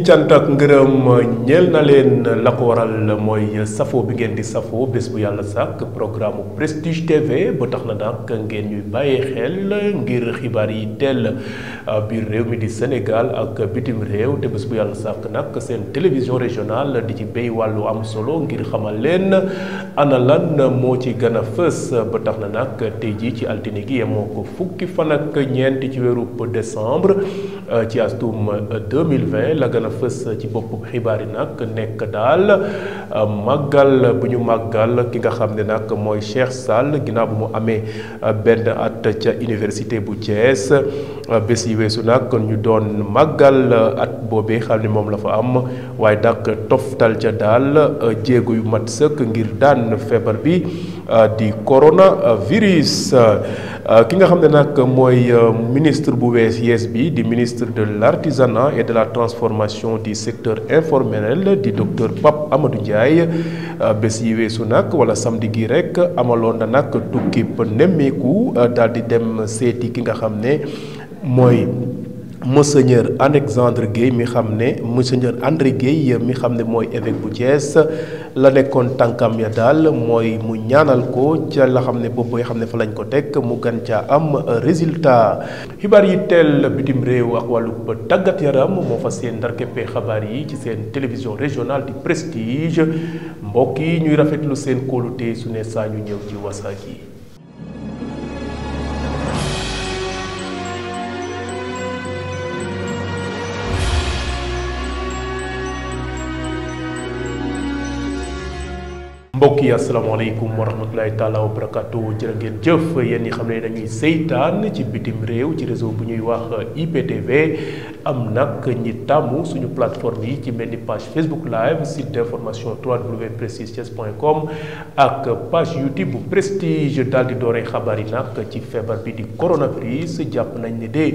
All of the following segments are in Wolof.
suñuy cant ak ngërëm ñeel na leen la ko waral mooy safoo bi ngeen di safo bés bu yàlla sàkk programme prestige tv ba tax na nag ngeen ñuy bàyyi xel ngir xibaar yi teel biir réew mi di Sénégal ak bitim réew te bés bu yàlla sàkk nag seen télévision régionale di ci béy wàllu am solo ngir xamal leen ana lan moo ci gën a fës ba tax na nag tey jii ci altine gi yemoo ko fukki fan ak ñeent ci weeru décembre euh, ci astum 2020 euh, la gën a fës ci bopp xibaar yi nag nekk daal euh, màggal bu ñu màggal ki nga xam ne nag mooy Cheikh Sall ginnaaw bu mu amee benn at ca université bu Thiès bés weesu nag kon ñu doon magal uh, at bobé xam mom la fa am way dak toftal ca dal uh, jéego yu mat sëkk ngir daan feebar bi uh, di virus ki nga xam nak moy ministre bu wess yes bi di ministre de l'artisanat et de la transformation du secteur informel di docteur Pape Amadou Ndiaye bés yi weesu nag wala samedi gi rek amalon nak tukki tukkib dal di dem seeti ki nga xam moy monseigneur Alexandre Gay mi xam monseigneur André Gay mi moi moy évêque bu Thiès la nekkoon tankam ya dal moy mu ñaanal ko la fa lañ ko am résultat. hibari tel, teel bitim rew ak mon tagat yaram mo fa seen une yi ci seen télévision régionale du prestige Moki yi ñuy rafetlu seen kóolute su ne ñu ñëw ci mbokk yi asalaamaaleykum wa rahmatulahi taala wa barakaatu jërë ngeen jëf yéen ñi xam ne dañuy seytaan ci bitim réew ci réseau bu ñuy wax IPTV am nag ñi tàmm suñu plateforme yi ci mel ni page Facebook live site d'information 3w prestigethies.com ak page YouTube bu prestige daal di dooree xabaar yi nag ci feebar bi di coronavirus jàpp nañ ne de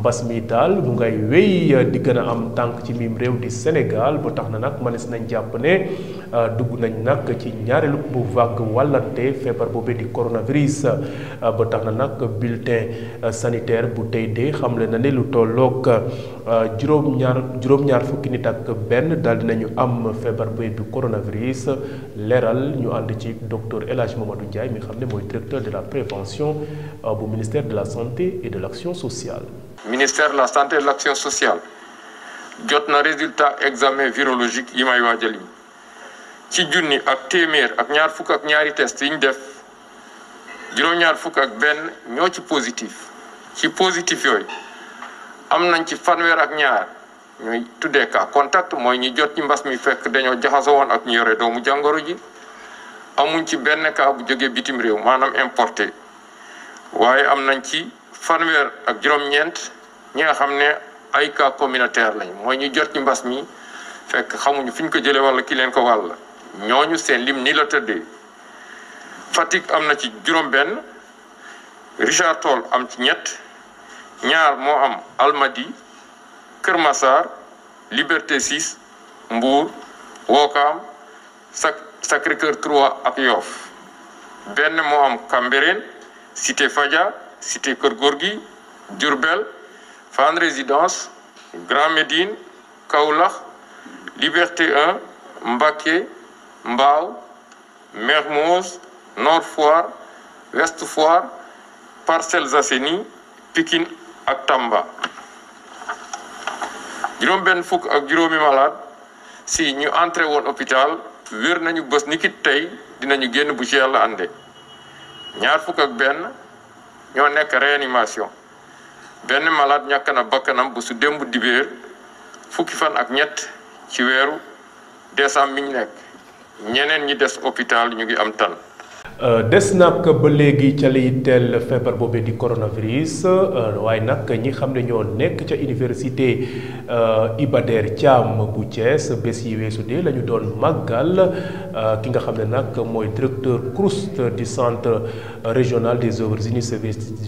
mbas mi daal mu ngay wéy di gën a am tànk ci miim réew di Sénégal ba tax na nag mënees nañ jàpp ne dugg ñaarelu ñaareelu bu vague wàllante feebar boobee di coronavirus ah, ba tax na nag bulletin ah, sanitaire bu tey de xamle na ne lu tolloog ah, juróom-ñaar juróom-ñaar fukki nit ak benn daal dinañu am feebar boobee di coronavirus leeral ñu ànd ci docteur El Hadj Mamadou Ndiaye mi xam ne mooy directeur de la prévention bu ministère de la santé et de l'action sociale. ministère de la santé et de l'action sociale jot na résultat examen virologique yi may waajal yi ci junni ak téeméer ak ñaar fukk ak ñaari test yi ñu def juróom-ñaar fukk ak benn ñoo ci positif ci positif yooyu am nañ ci fanweer ak ñaar ñooy tuddee ka contact mooy ñi jot ci mbas mi fekk dañoo jaxasoo woon ak ñu yore jàngoro ji amuñ ci benn cas bu bitim réew maanaam importé waaye am nañ ci fanweer ak juróom-ñeent xam ne ay cas communautaire lañ mooy ñu jot mbas mi fekk xamuñu fi ñu ko jëlee walla ki leen ko wàll ñooñu seen lim ni la tëddee fatik Richard Toll am ci Almadi Kër Liberté 6 Mbour Wokam Sacré-Cœur 3 ak Ben Moham moo Cité Fadia Cité Kër Gorgui Résidence Grand Médine Kaolack Liberté 1 Mbake. Mbao, Mermoz, Nord Foire, Parcel Foire, Pikin ak Tamba juróom benn fuk ak juróomi malade si ñu entré woon hôpital wér nañu bés ni ki tey dinañu génn bu ci yàlla ànde ñaar fukk ak benn ñoo nekk réanimation benn malade ñàkk na bakkanam bu su démb dibéer fukki fan ak ñett ci weeru décembre mi ñeneen ñi des hôpital ñu ngi am tan Euh, des nag ba léegi ca liy teel feebar boobee di coronavirus euh, waaye nag ñi xam ne ñoo nekk ca université euh, Iba Der Thiam bu Thiès bés yi weesu de la ñu doon màggal ki nga xam ne nag mooy directeur CROUST di centre régional des œuvres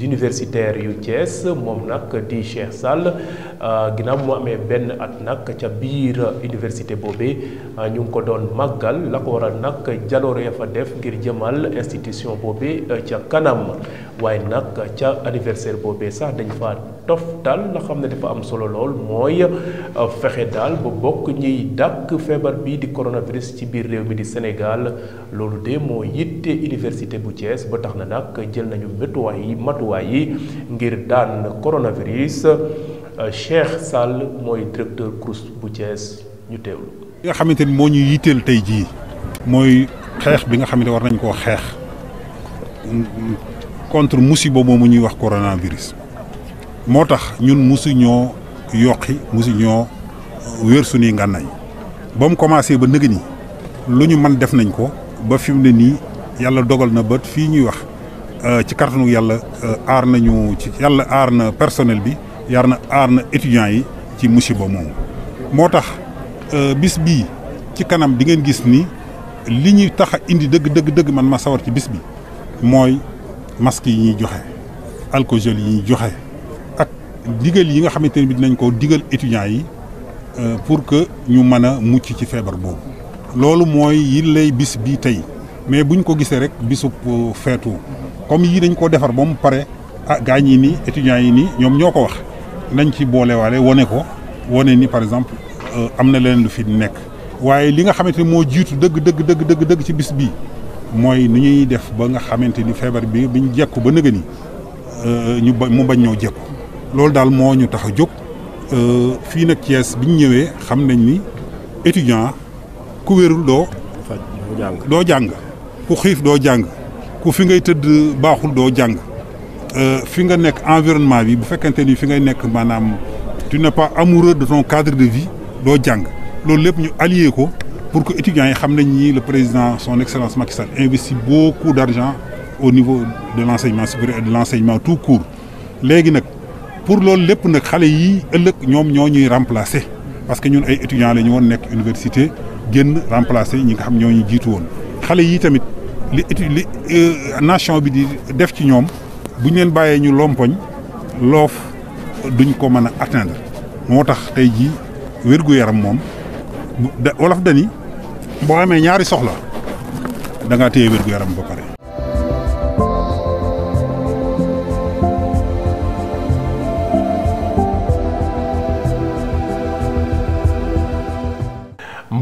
universitaires yu Thiès moom nag di Cheikh Sall ginaaw mu amee benn at nag ca biir université boobee ñu ngi ko doon màggal la ko waral nag jaloore ya fa def ngir jëmal institution boobe euh, ca kanam waaye nag ca anniversaire boobee sax dañ fa toftal la xam ne dafa am solo lool mooy euh, fexe daal ba bokk ñiy dàkk feebar bi di coronavirus ci biir réew mi di Sénégal loolu de moo yitte université bu Thiès ba tax na nag jël nañu métuwaay yi matuwaay yi ngir daan coronavirus euh, Cheikh sàll mooy directeur CROUS bu Thiès ñu teewlu. li xamante moo ñu yitteel tey jii xeex bi nga xam ne war nañ koo xeex contre musiba moomu ñuy wax coronavirus moo tax ñun musu ñoo yokki musu ñoo wér suñuy ngànnaay ba commencé ba nëgë ni lu man def nañ ko ba fi ne dogal na bët fii ñuy wax euh, ci kàttanu yàlla euh, aar nañu ci yàlla aar na personnel bi yar na aar na étudiants yi ci musiba moomu moo euh, bis ci kanam di ngeen gis ni li ñu tax a indi dëgg dëgg dëgg man ma sawar ci bis bi mooy masque yi ñuy joxe alcogel yi ñuy joxe ak digal yi nga xamante bi dinañ ko digal étudiants yi euh, pour que ñu mën a mucc ci feebar boobu. loolu mooy yi lay bis bi tey mais buñ ko gisee rek bisub euh, feetu comme yii dañ ko defar ba mu pare ah gaa ñi nii étudiants yi ni ñoom ñoo ko wax nañ ci boolewaale wane ko wane ni par exemple euh, am na leneen lu fi nekk. waaye li nga xamante ni moo jiitu dëgg dëgg dëgg dëgg dëgg ci bis bii mooy nu ñuy def ba nga xamante ni feebar bi biñ jekku ba nëgë ni euh, ñu ba mu bañ ñoo jekku loolu daal moo ñu tax a jóg euh, fii nag Thiès bi ñu ñëwee xam nañ ni étudiant ku wérul doo doo jàng ku xiif doo jàng ku fi ngay tëdd baaxul doo jàng euh, fi nga nekk environnement bi bu fekkente ni fi ngay nekk maanaam tu n'es pas amoureux de ton cadre de vie doo jàng loolu pour que étudiants xam le président son excellence Macky investit beaucoup d'argent au niveau de l'enseignement supérieur de l'enseignement tout court pour loolu yi remplacer parce que ñun étudiants la ñu université génn remplacer ñi nga xam nation bi di def ci atteindre wolof dani boo amee ñaari soxla da ngaa téye yaram ba pare.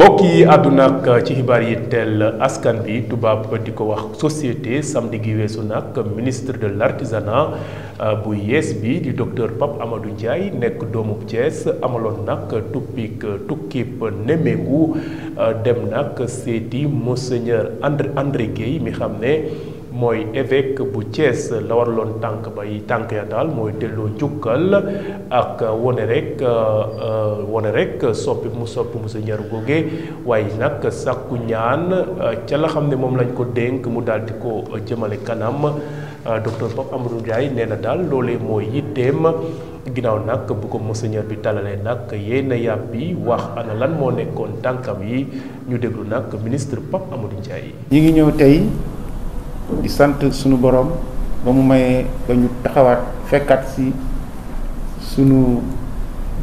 mbokk yi àdduna ak ci xibaar yi teel askan bi tubaab di ko wax société samedi gi weesu nag ministre de l'artisanat euh, bu yees bi di docteur Pape Amadou Ndiaye nekk doomu Thiès amaloon nak tuppik tukkib nemeeku euh, dem nag seeti monseigneur André André Guèye mi xam ne mooy évêque bu cees la warloon tànk ba yi tànk ya daal mooy delloo jukkal ak wone rek euh, euh, wone rek soppi mu soppi mu sa ñaar googee waaye nag sàkku ñaan euh, ca la xam ne moom lañ ko dénk mu daal di ko jëmale kanam docteur Pape Amadou Ndiaye nee na daal loolee mooy yitteem ginnaaw nag bu ko monseigneur bi dalalee nag yéen a bi wax ana moo nekkoon tànkam yi ñu deglu nag ministre Pape Amadou Ndiaye. ngi ñëw tey. di sant sunu borom ba mu mayee ba ñu taxawaat fekkaat si sunu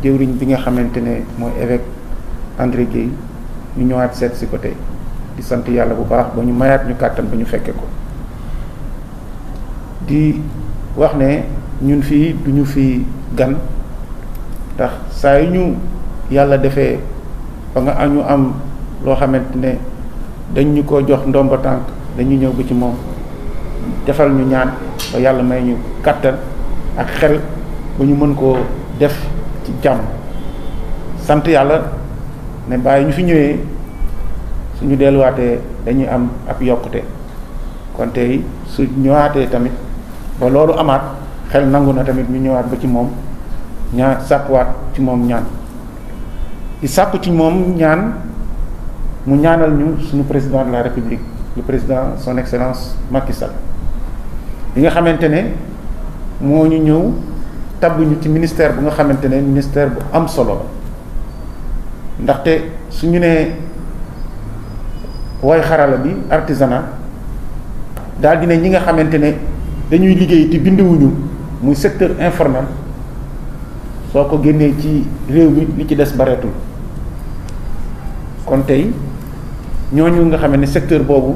jëwriñ bi nga xamante ne mooy évêque André Guèye ñu ñëwaat seet si ko tey di sant yàlla bu baax ba ñu mayaat ñu kàttan ba ñu fekkee ko di wax ne ñun fii du ñu fi gan tax saa yu ñu yàlla defee ba nga ñu am loo xamante ne dañ ko jox ndomba tànk dañu ñëw ba ci moom defal ñu ñaan ba yàlla may ñu kàttan ak xel ba ñu mën koo def ci jàmm sant yàlla ne bàyyi ñu fi ñëwee ñu delluwaatee dañuy am ab yokkute kon tey su ñëwaatee tamit ba loolu amaat xel nangu na tamit ñu ñëwaat ba ci moom ñaan sàkkuwaat ci moom ñaan di sàkku ci moom ñaan mu ñaanal ñu suñu président de la république le président son excellence Macky Sall bi nga xamante ne moo ñu ñëw tabb ñu ci ministère bu nga xamante ne ministère bu am solo la ndaxte su ñu nee way xarala bi artisanat daal di ne ñi nga xamante ne dañuy liggéey te binduwuñu muy secteur informel soo ko génnee ci réew bi li ci des bareetul kon tey ñoo ñooñu nga xam ne secteur boobu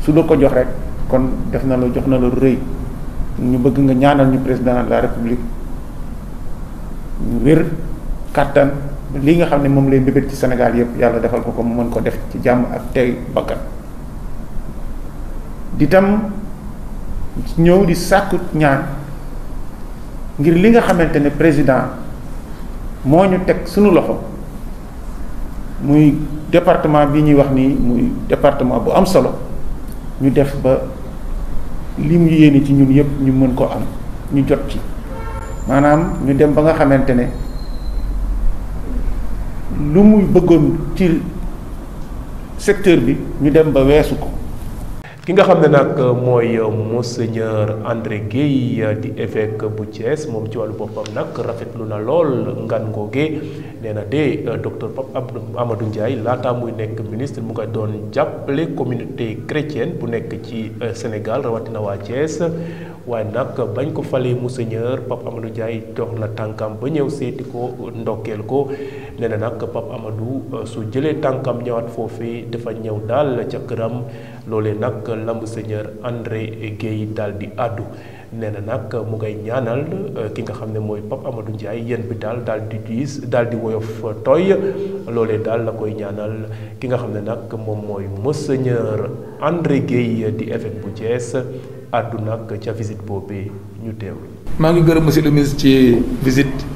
su doo ko jox rek. kon def na la jox na la rëy ñu bëgg nga ñaanal ñu président de la république ñu wér kàttan li nga xam ne moom lay mbébét ci sénégal yépp yàlla defal ko ko mu mën ko def ci jàmm ak tey bakkan di tam ñëw di sàkku ñaan ngir li nga xamante ne président moo ñu teg sunu loxo muy département bi ñuy wax nii muy département bu am solo ñu def ba li mu yéene ci ñun yëpp ñu mën ko am ñu jot ci maanaam ñu dem ba nga xamante ne lu muy bëggoon ci secteur bi ñu dem ba weesu ko ki nga xam ne nag euh, mooy euh, monseigneur André Guèye euh, di évêque bu Thiès moom ci wàllu boppam nag rafetlu na lool ngan ngoogee nee na de docteur Pape Amadou njaay laataa muy nekk ministre mu nga doon jàppale communauté chrétienne bu nekk ci Sénégal rawatina waa Thiès waaye nag bañ ko falee monseigneur Pape Amadou Ndiaye dox na tànkam ba ñëw seeti ko ndokkeel ko. nee na nag Pape euh, su jëlee tànkam ñëwaat foofee dafa ñëw daal ca këram loolee nag lamb seigneur André Guèye daal di àddu nee na nag mu ngay ñaanal euh, ki nga xam ne mooy Pape Amadou Ndiaye yéen bi daal daal di diis dal di woyof tooy loolee daal la koy ñaanal ki nga xam ne nag moom mooy monseigneur André Guèye di évêque bu Thiès àddu nag ca visite boobee ñu teew. maa ngi gërëm monsieur le ministre ci visite.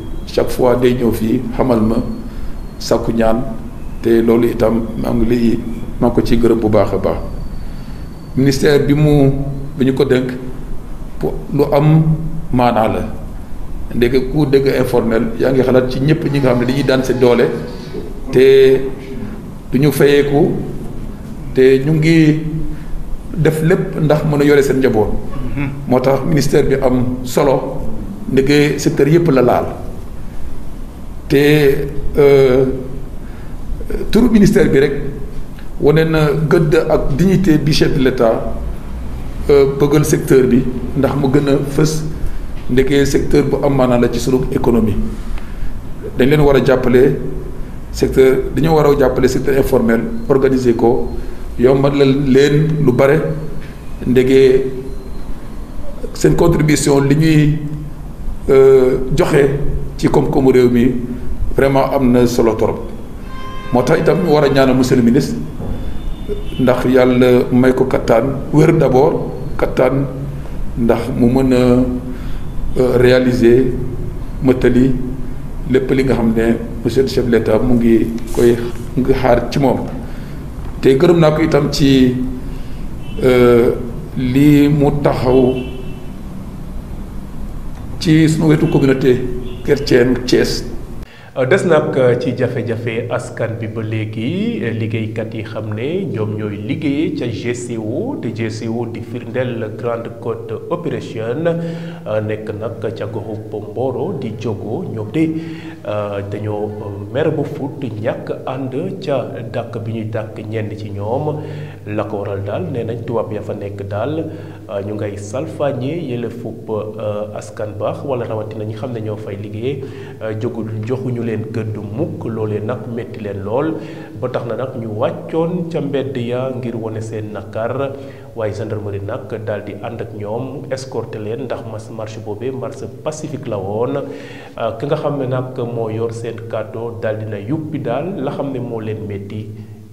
chaque fois de ñëw fii xamal ma sàkku ñaan te loolu itam maa ngi lay maa ko ci gërëm bu baax a baax ministère bi mu bi ñu ko dénk lu am maanaa la ndégg ku dégg informel yaa ngi xalaat ci ñëpp ñi nga xam ne dañuy daan seen doole te du ñu fayeeku te ñu ngi def lépp ndax mën a yore seen njaboot mm-hmm. moo tax ministère bi am solo ndégg secteur yëpp la laal te euh, tour ministère bi rek wane na gëdd ak dignité du chef de l'État euh, bëggal secteur bi ndax mu gën a fës ndege secteur bu am maanaa la ci sunu économie dañ leen war a jàppale secteur dañoo war a jàppale secteur informel organiser ko yombal leen lu bare ndege seen contribution li ñuy euh, joxe ci koom-koomu réew mi vraiment am na solo torop moo tax itam ñu war a ñaanal monsieur le ministre ndax yàlla may ko kattaan wér d'abord kattaan ndax mu mën a euh, réaliser mëtali lépp li nga xam ne monsieur chef de mu ngi koy ngi xaar ci moom te gërëm naa ko itam ci euh, lii mu taxaw ci sunu wetu communauté chrétienne Thiès Euh, des nag euh, ci jafe-jafe askan bi ba léegi liggéeykat yi xam ne ñoom ñooy liggéey ca GCO te GCO di firndeel Grande Côte Opération euh, nekk nag ca goxu Mboro di Diogo ñoom de dañoo mer bu fut ñàkk ànd ca dàkk bi ñuy dàkk ñenn ci ñoom la ko waral daal nee nañ tubaab yaa fa nekk daal euh, ñu ngay salfaañe yële fupp euh, askan baax wala rawatina ñi xam ne ñoo fay liggéey euh, jógul joxuñu leen gëddu mukk loolee nag métti leen lool ba tax na nag ñu wàccoon ca mbedd ya ngir wane seen nakar waaye gendarmerie nag daal di ànd ak ñoom escorté leen ndax mas marche boobee marche pacifique la woon ki nga xam ne nag moo yor seen kàddoo daal dina yuppi daal la xam ne moo leen métti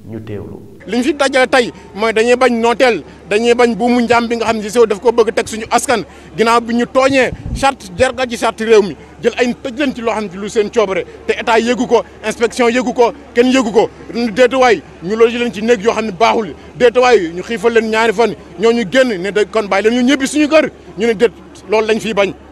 ñu teewlu. li ñu fi dajale tey mooy dañuy bañ nooteel dañuy bañ buumu njaam bi nga xam ne si daf ko bëgg teg suñu askan ginaaw bi ñu tooñee charte jarga ji charte réew mi jël ay tëj leen ci loo xam ne lu seen coobare te état yëgu ko inspection yëgu ko kenn yëgu ko déetuwaay ñu loolu leen ci néeg yoo xam ne baaxul déetuwaay ñu xiifal leen ñaari fan ñoo ñu génn ne de kon bàyyi leen ñu ñëbbi suñu kër ñu ne déet loolu lañ fiy bañ.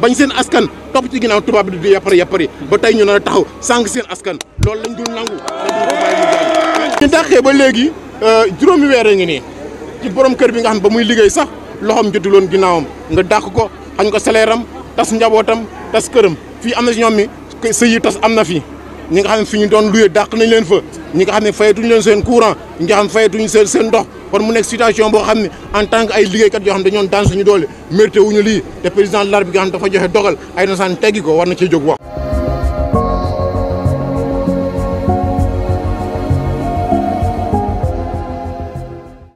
bañ seen askan topp ci ginnaaw tubaab bi di yàppari yàppari ba tey ñu nar a taxaw sànq seen askan loolu lañ dul nangu ñu dàqee ba léegi euh, juróomi weer a ngi nii ci borom kër bi nga xam ba muy liggéey sax loxoom jotuloon ginnaawam nga dàq ko xañ ko salaire am tas njabootam tas këram fii am na si ñoom mi sëy yi tas am na fi ñi nga xam ne fi ñu doon luye dàq nañ leen fa ñi nga xam ne fayatuñ leen seen courant ñi nga xam ne fayatuñ seen seen ndox kon mu nek situation bo xamni en tant que ay liggéeykat kat xam xamni dañoon daan suñu doole mérité wuñu li te président de l'arbitre nga xam dafa joxe dogal ay nasaan teggi ko war na ci jog wax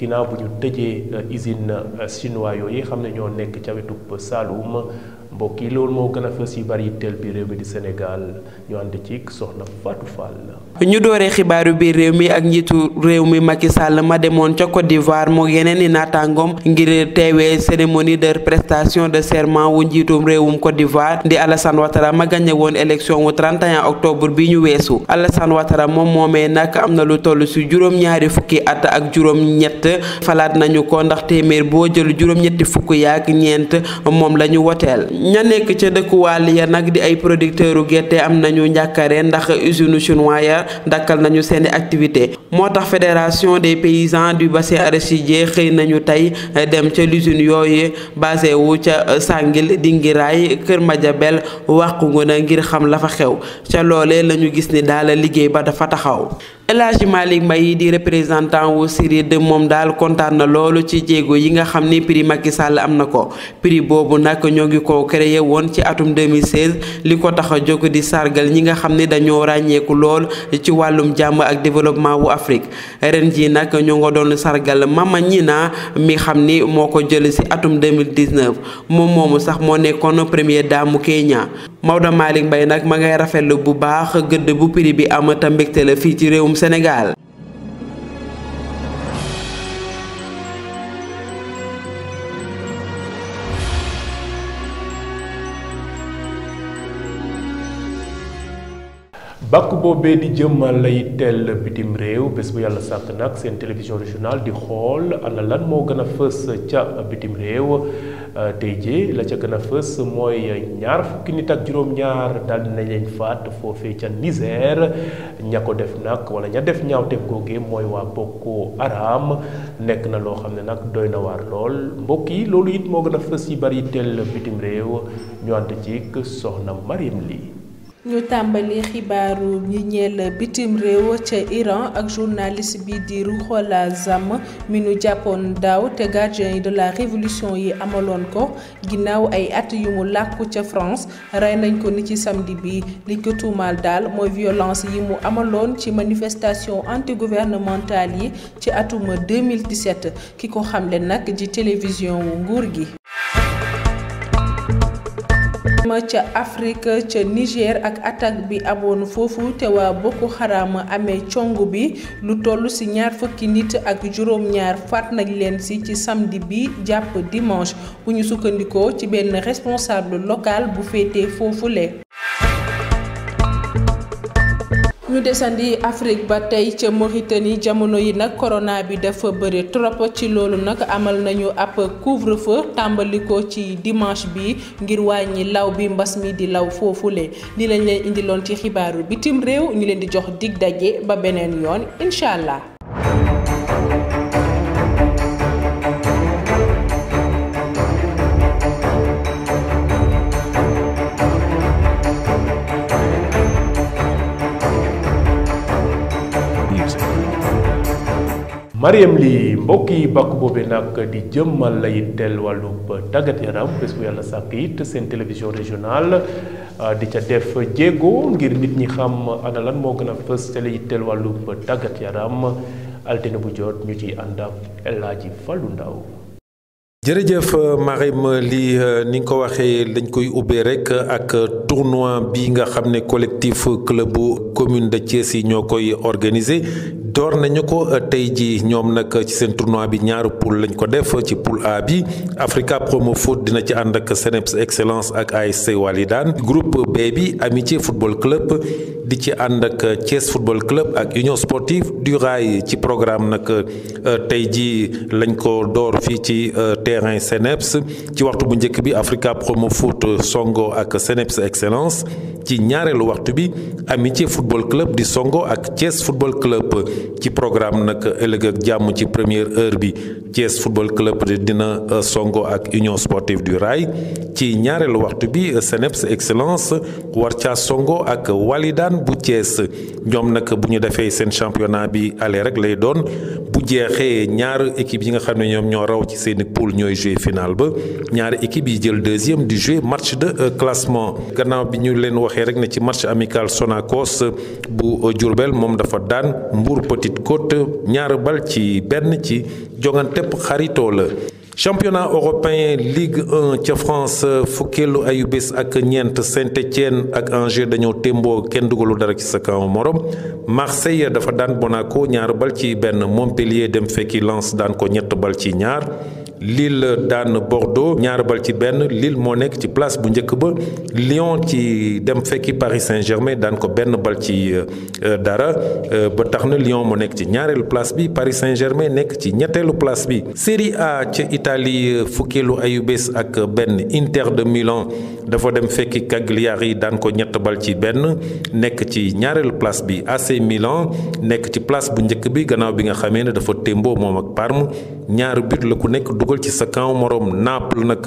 ginnaaw bu ñu tëjee euh, usine euh, chinois yi xam ne ñoo nekk ca wetu ma mbokk yi loolu moo gën a fës yi bari teel bi réew mi di Sénégal ñu ànd ñu dooree xibaaru biir réew mi ak njiitu réew mi Macky Sall ma demoon ca Côte d'Ivoire moo yeneen i naataangoom ngir teewee cérémonie de prestation de serment wu njiitu réewum Côte d'Ivoire di Alassane Ouattara ma gagné woon élection wu 31 octobre bi ñu weesu Alassane Ouattara moom moomee nag am na lu toll si juróom-ñaari fukki at ak juróom-ñett falaat nañu ko ndax téeméer boo jël juróom-ñetti fukk yaak ñeent moom la woteel. ña nekk ca dëkkuwaal ya nag di ay producteuru gerte am nañu njàkkare ndax usine chinois ya dakkal nañu seeni activité moo tax fédération des paysans du bassin arachidier xëy nañu tey dem ca l'usine yooyu basé wu ca Sàngil Dingiraay Kër Madiabel Waxunguna ngir xam la fa xew ca loolee lañu gis ni daal liggéey ba dafa taxaw El Hadji Malick Mbaye di représentant wu série moom daal kontaan na loolu ci jéego yi nga xam ni prix Macky Sall am na ko prix boobu nag ñoo ngi ko créé woon ci atum 2016 li ko tax a jóg di sargal ñi nga xam ni dañoo ràññeeku lool ci wàllum jàmm ak développement wu Afrique ren jii nag ñoo nga doon sargal Mama naa mi xam ni moo ko jël ci atum 2019 moom moomu sax moo nekkoon premier dame mu Kenya Maodo Malick Mbaye nag ma ngay rafetlu bu baax a gëdd bu prix bi am te mbégte la fii ci réewum Sénégal bàkk boobee di jëmmal lay teel bitim réew bés bu yàlla sàkk nag seen télévision régionale di xool ana lan moo gën a fës ca bitim réew euh, tey jii la ca gën a fës mooy ñaar fukki nit ak juróom-ñaar daal dina leen faat foofee ca Niger ña ko def nag wala ña def ñaawteef googee mooy waa Boko Haram nekk na loo xam ne nag doy na waar lool mbokk yi loolu it moo gën a fës yi bari teel bitim réew ñu ànd ci soxna Mariam Ly ñu tàmbali xibaaru ñi ñeel bitim Iran ak journaliste bi di Ruhollah la mi jàppoon daaw te de la révolution yi la ko ginnaaw ay at yu mu France rey nañ ko ni ci samedi bi li ko tuumaal daal violence yi mu ci manifestation anti yi ci 2017 ki ko xamle nag ji télévision nguur ma ca Afrique ca Niger ak attaque bi amoon foofu te waa Boko Haram amee cong bi lu toll ci ñaar fukki nit ak juróom-ñaar faat nañ leen ci ci samedi bi jàpp dimanche bu sukkandikoo ci benn responsable local bu féetee foofule. ñu desandi Afrique ba tey ca Mauritanie jamono yi nag corona bi dafa bëri trop ci loolu nag amal nañu ab couvre-feu tàmbali ko ci dimanche bi ngir wàññi law bi mbas mi di law foofu foofule li lañ leen indiloon ci xibaaru bitim réew ñu leen di jox digg daje ba beneen yoon incha allah. Mariam Ly mbokk yi bàkk boobe nag di jëmmal la yitteel wàllub tàggat yaram bés bu yàlla sàkk seen télévision régionale ah, di ca def jéego ngir nit ñi xam ana moo gën a fës ca la yitteel wàllub tàggat yaram altine bu jot ñu ci ànd ak El Hadji Fallou jërëjëf Mariam Ly ni nga ko waxee dañ koy ubbee rek ak tournoi bi nga xam ne collectif club commune de Thiès nous ñoo koy teiji door nañu ko tey jii ñoom ci tournoi bi ñaaru lañ ko A bi Africa Promo Foot dina ci ànd ak Seneps Excellence ak ASC Walidane groupe B Amitié Football Club di ci ànd ak Thiès Football Club ak Union Sportive du Rail ci programme nag euh, tey jii lañ ko door euh, terrain Seneps ci waxtu bu njëkk bi Africa Promo Foot euh, songo ak Seneps Excellence ci ñaarelu waxtu bi amitié football club di songo ak Thiès football club ci programme nak ëllëg ak jàmm ci première heure bi Thiès football club dina euh, songo ak union sportive du rail ci ñaarelu waxtu bi CNEPS euh, excellence war ca songo ak walidan bu Thiès ñoom nak bu ñu defee seen championnat bi aller rek lay doon bu jeexee ñaar équipe yi nga xam ne ñoom ñoo raw ci seeni pool ñooy jouer final ba ñaari équipe yi jël deuxième di jouer match de euh, classement gannaaw bi ñu leen waxee waxee rek ne ci match amical Sonacos bu Diourbel moom dafa daan Mbour Petite Côte ñaar bal ci benn ci jonganteb xaritoo la championnat européen Ligue en ca France fukkeelu ayu bés ak ñeent Saint-Étienne ak Angers dañoo témboo kenn dugalu dara ci sa kaw morom Marseille dafa daan Monaco ñaar bal ci benn Montpellier dem fekki lance daan ko ñett bal ci ñaar Lille daan Bordeaux ñaar bal ci benn Lille moo nekk ci place bu njëkk ba Lyon ci dem fekki Paris Saint-Germain daan ko benn bal ci euh, dara euh, ba tax na Lyon moo nekk ci ñaareelu place bi Paris Saint-Germain nekk ci ñetteelu place bi Série A ca Italie fukkeelu ayubés ak benn Inter de Milan. dafa dem fekki Cagliari yi daan ko ñett bal ci benn nekk ci ñaareelu place bi AC Milan nekk ci place bu njëkk bi gannaaw bi nga xamee ne dafa témboo moom ak Parme ñaari but la ku nekk dugal ci sa camp morom Naples nag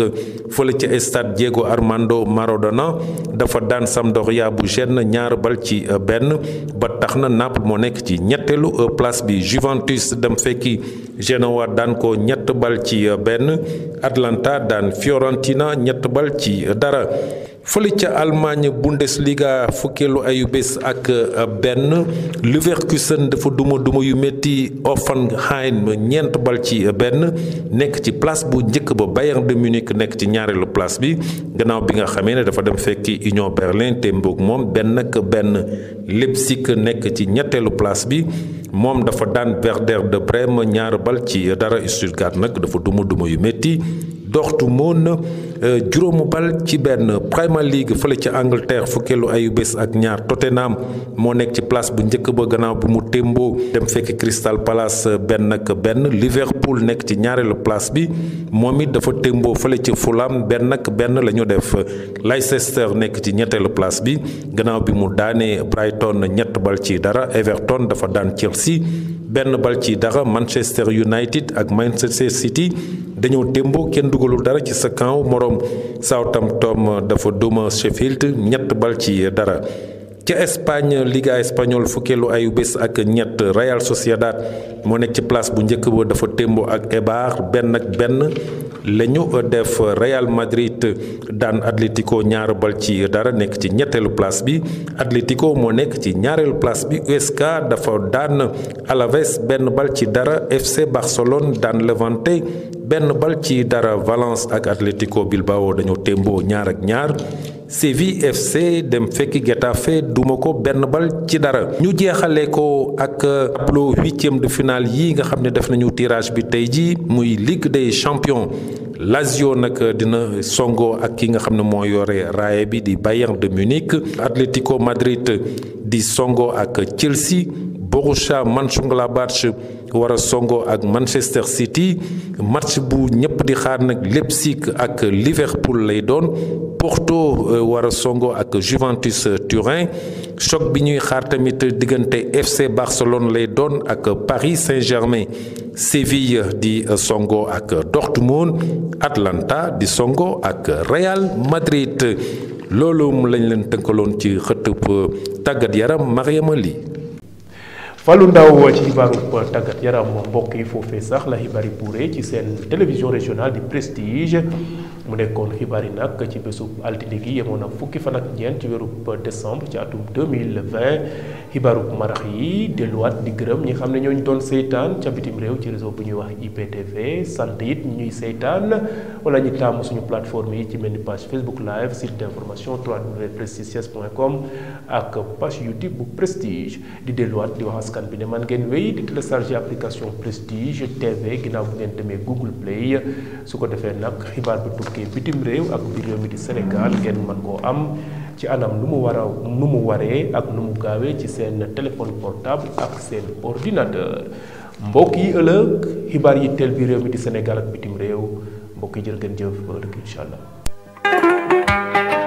fële ci stade Diego Armando Maradona dafa daan sam Sampdoria bu na ñaar bal ci euh, benn ba tax na Naples moo nekk ci ñetteelu euh, place bi Juventus dem fekki Genoa daan ko ñett bal ci euh, benn Atlanta daan Fiorentina ñett bal ci dara fële ca Allemagne Bundesliga fukkeelu ayu bés ak euh, benn Leverkusen dafa duma duma yu métti Offenheim ñeent bal ci euh, benn nekk ci place bu njëkk ba Bayern de Munich nekk ci ñaareelu place bi gannaaw bi nga xamee ne dafa dem fekki Union Berlin te mboog moom benn ak benn Leipzig nekk ci ñetteelu place bi moom dafa daan Werder de Brême ñaar bal ci euh, dara Stuttgart nag dafa duma duma yu métti Dortmund Euh, juróomu bal ci benn Premier League fële ca Angleterre fukkeelu ayu bés ak ñaar Tottenham moo nekk ci place bu njëkk ba gannaaw bu mu tëmboo dem fekk Crystal Palace benn ak benn Liverpool nekk ci ñaareelu place bi moom it dafa tëmboo fële ci Fulham benn ak benn la ñu def Leicester nekk ci ñetteelu place bi gannaaw bi mu daanee Brighton ñett bal ci dara Everton dafa daan Chelsea benn bal ci dara Manchester United ak Manchester City dañoo témboo kenn dugalul dara ci sa camp moroom tom dafa duma Sheffield ñett bal ci dara. ca Espagne Liga espagnole fukkeelu ayu bés ak ñett Real Sociedad moo nekk ci place bu njëkk ba dafa témboo ak Eibar benn ak benn. la ñu def Real Madrid daan Atlético ñaar bal ci dara nekk ci ñetteelu place bi Atlético moo nekk ci ñaareelu place bi USK dafa daan Alaves benn bal ci dara FC Barcelone daan Levante benn bal ci dara Valence ak Atlético Bilbao dañoo témboo ñaar ak ñaar. Séville FC dem fekki Getafe Dumoko ko benn bal ci dara ñu jéxalé ko ak huitième de finale yi nga xamné def nañu tirage bi tay ji muy Ligue des champions Lazio nak dina songo ak ki nga xamné mo yoré Bayern de Munich Atletico Madrid di songo ak Chelsea Borussia Mönchengladbach wara songo ak Manchester City match bu ñëpp di xaar nak Leipzig ak Liverpool lay Porto euh, war songo ak Juventus euh, Turin choc bi ñuy xaar tamit FC Barcelone lay doon ak Paris Saint-Germain Séville euh, di songo ak Dortmund Atlanta di songo ak Real Madrid loolu lañ leen tënkaloon ci xëtëb tàggat yaram Mariama Ly Fallou Ndaw ci xibaarub tàggat yaram mbokk yi foofee sax la xibaari buuree ci seen télévision régionale di Prestige mu nekkoon xibaar yi nag ci bésub altine gi yemoon ak fukki fan ak ñeent ci wérub décembre ci atum 2020 xibaarub marax yi delluwaat di gërëm ñi xam ne ñooñu doon seytaan ca bitim réew ci réseau bu ñuy wax IPTV sant it ñuy seytaan wala ñu taamu suñu plateforme yi ci mel ni page Facebook live site d'information www.prestiges.com ak page YouTube bu Prestige di delluwaat di wax askan bi ne man ngeen wéy di télécharger application Prestige TV ginnaaw bu ngeen demee Google Play su ko defee nag xibaar bi tukki nekkee bitim réew ak biir réew mi di Sénégal ngeen mën koo am ci anam nu mu war a mu waree ak nu gaawee ci seen téléphone portable ak seen ordinateur mbokk yi ëllëg xibaar yi teel bi réew mi di Sénégal ak bitim réew mbokk yi jërë ngeen jëf ba ëllëg incha allah.